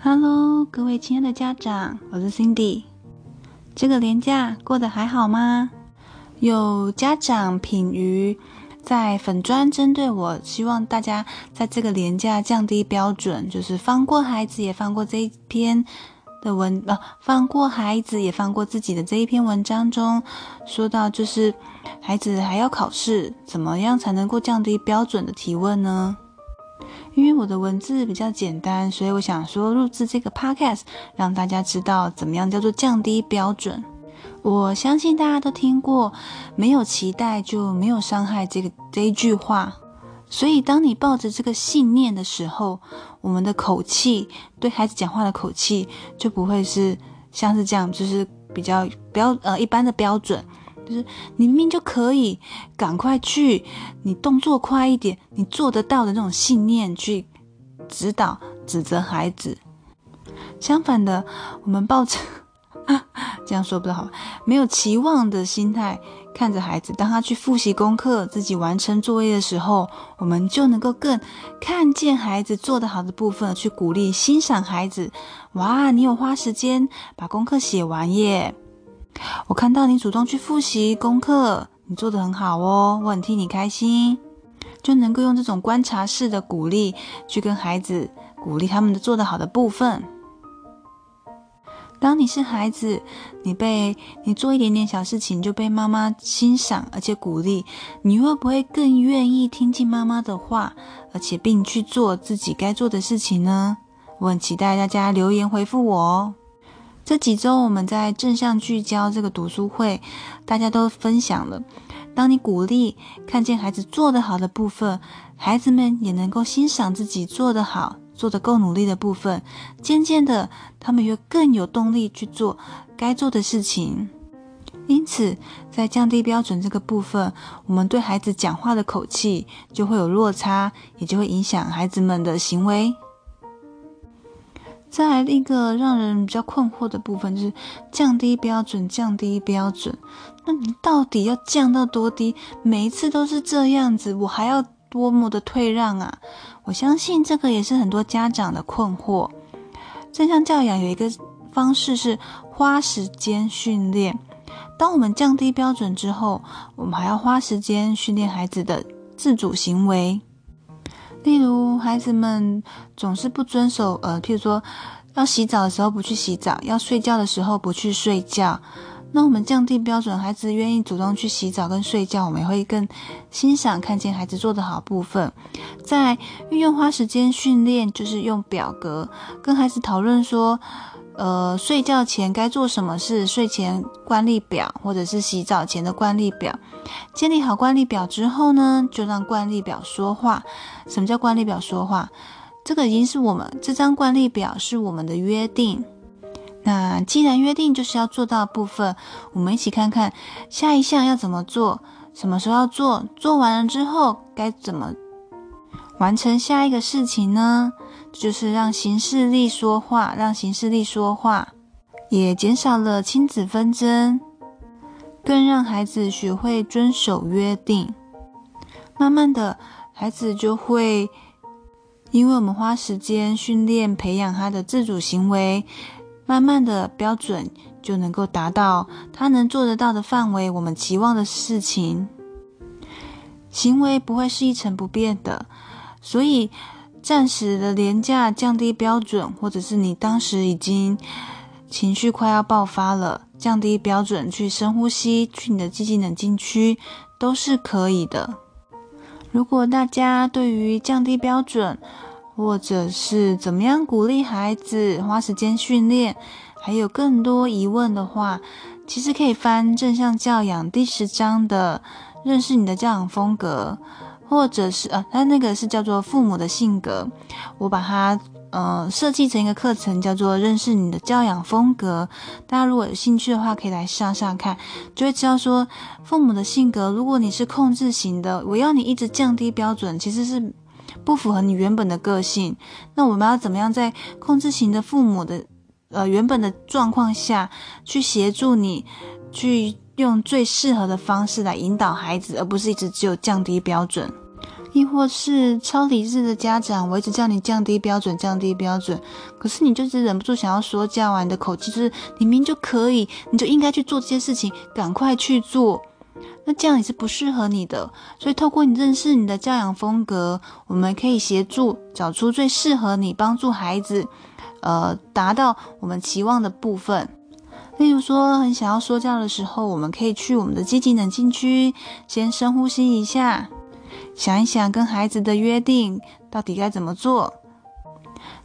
哈嘍，各位親愛的家長，我是 Cindy。這個連假過得還好嗎？有家長品妤在粉專針對我，希望大家在這個連假降低標準，就是放過孩子，也放過這一篇的文呃、啊，放過孩子也放過自己的這一篇文章中，說到就是孩子還要考試，怎麼樣才能夠降低標準的提問呢？因為我的文字比較簡單，所以我想說錄製這個 podcast，讓大家知道怎麼樣叫做降低標準。我相信大家都聽過“沒有期待就沒有傷害”這個這一句話，所以當你抱着這個信念的時候，我們的口氣對孩子講話的口氣就不會是像是這樣，就是比較標呃一般的標準。就是你明明就可以，趕快去，你動作快一點，你做得到的那種信念去指導指責孩子。相反的，我們抱着啊，這樣說不太好，沒有期望的心態看着孩子，當他去複習功課、自己完成作業的時候，我們就能夠更看見孩子做得好的部分，去鼓勵、欣賞孩子。哇，你有花時間把功課寫完耶！我看到你主動去複習功課，你做得很好哦，我很替你開心。就能夠用這種觀察式的鼓勵去跟孩子鼓勵他們的做得好的部分。當你是孩子，你被你做一點點小事情就被媽媽欣賞而且鼓勵，你會不會更願意聽進媽媽的話，而且並去做自己該做的事情呢？我很期待大家留言回復我哦。這幾週我們在正向聚焦這個讀書會，大家都分享了。當你鼓勵看見孩子做得好的部分，孩子們也能夠欣賞自己做得好、做得夠努力的部分。漸漸的，他們又更有動力去做該做的事情。因此，在降低標準這個部分，我們對孩子講話的口氣就會有落差，也就會影響孩子們的行為。再來一個讓人比較困惑的部分，就是降低標準，降低標準。那你到底要降到多低？每一次都是這樣子，我還要多麼的退讓啊？我相信這個也是很多家長的困惑。正向教養有一個方式是花時間訓練。當我們降低標準之後，我們還要花時間訓練孩子的自主行為。例如，孩子們總是不遵守，呃，譬如說，要洗澡的時候不去洗澡，要睡覺的時候不去睡覺。那我們降低標準，孩子願意主動去洗澡跟睡覺，我們也會更欣賞看見孩子做的好部分。再運用花時間訓練，就是用表格跟孩子討論說，呃，睡覺前該做什麼事，睡前慣例表或者是洗澡前的慣例表。建立好慣例表之後呢，就讓慣例表說話。什麼叫慣例表說話？這個已經是我們這張慣例表是我們的約定。那既然約定，就是要做到的部分，我們一起看看下一項要怎麼做，什麼時候要做，做完了之後該怎麼完成下一個事情呢？就是讓行事曆說話，讓行事曆說話，也減少了親子紛爭，更讓孩子學會遵守約定。慢慢的，孩子就會，因為我們花時間訓練培養他的自主行為。慢慢的標準就能夠達到他能做得到的範圍，我們期望的事情，行為不會是一成不變的，所以暫時的廉價降低標準，或者是你當時已經情緒快要爆發了，降低標準去深呼吸，去你的積極冷靜區都是可以的。如果大家對於降低標準，或者是怎麼樣鼓勵孩子花時間訓練，還有更多疑問的話，其實可以翻《正向教養》第十章的“認識你的教養風格”，或者是呃，它那個是叫做“父母的性格”。我把它呃設計成一個課程，叫做“認識你的教養風格”。大家如果有興趣的話，可以來上上看，就會知道說父母的性格。如果你是控制型的，我要你一直降低標準，其實是，不符合你原本的個性，那我們要怎麼樣在控制型的父母的呃原本的狀況下去協助你，去用最適合的方式來引導孩子，而不是一直只有降低標準，亦或是超理智的家長，我一直叫你降低標準，降低標準，可是你就是忍不住想要說教、啊，你的口氣就是你明明就可以，你就應該去做這些事情，趕快去做。那這樣也是不適合你的，所以透過你認識你的教養風格，我們可以協助找出最適合你幫助孩子，呃，達到我們期望的部分。例如說，很想要說教的時候，我們可以去我們的積極冷靜區，先深呼吸一下，想一想跟孩子的約定到底該怎麼做。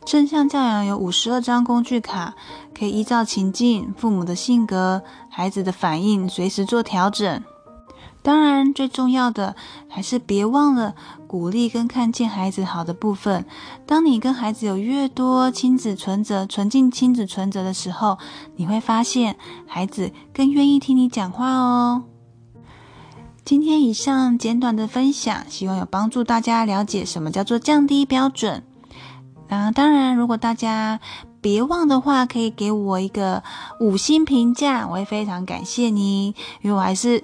正向教養有五十二張工具卡，可以依照情境、父母的性格、孩子的反應隨時做調整。當然，最重要的還是別忘了鼓勵跟看見孩子好的部分。當你跟孩子有越多親子存摺、存進親子存摺的時候，你會發現孩子更願意聽你講話哦。今天以上簡短的分享，希望有幫助大家了解什麼叫做降低標準。那當然，如果大家，別忘的話，可以給我一個五星評價，我會非常感謝你，因為我還是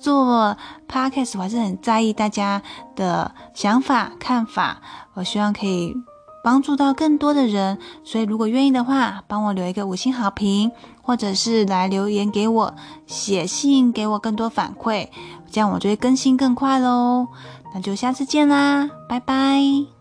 做 podcast，我還是很在意大家的想法、看法。我希望可以幫助到更多的人，所以如果願意的話，幫我留一個五星好評，或者是來留言給我、寫信給我更多反饋，這樣我就會更新更快嘍。那就下次見啦，拜拜。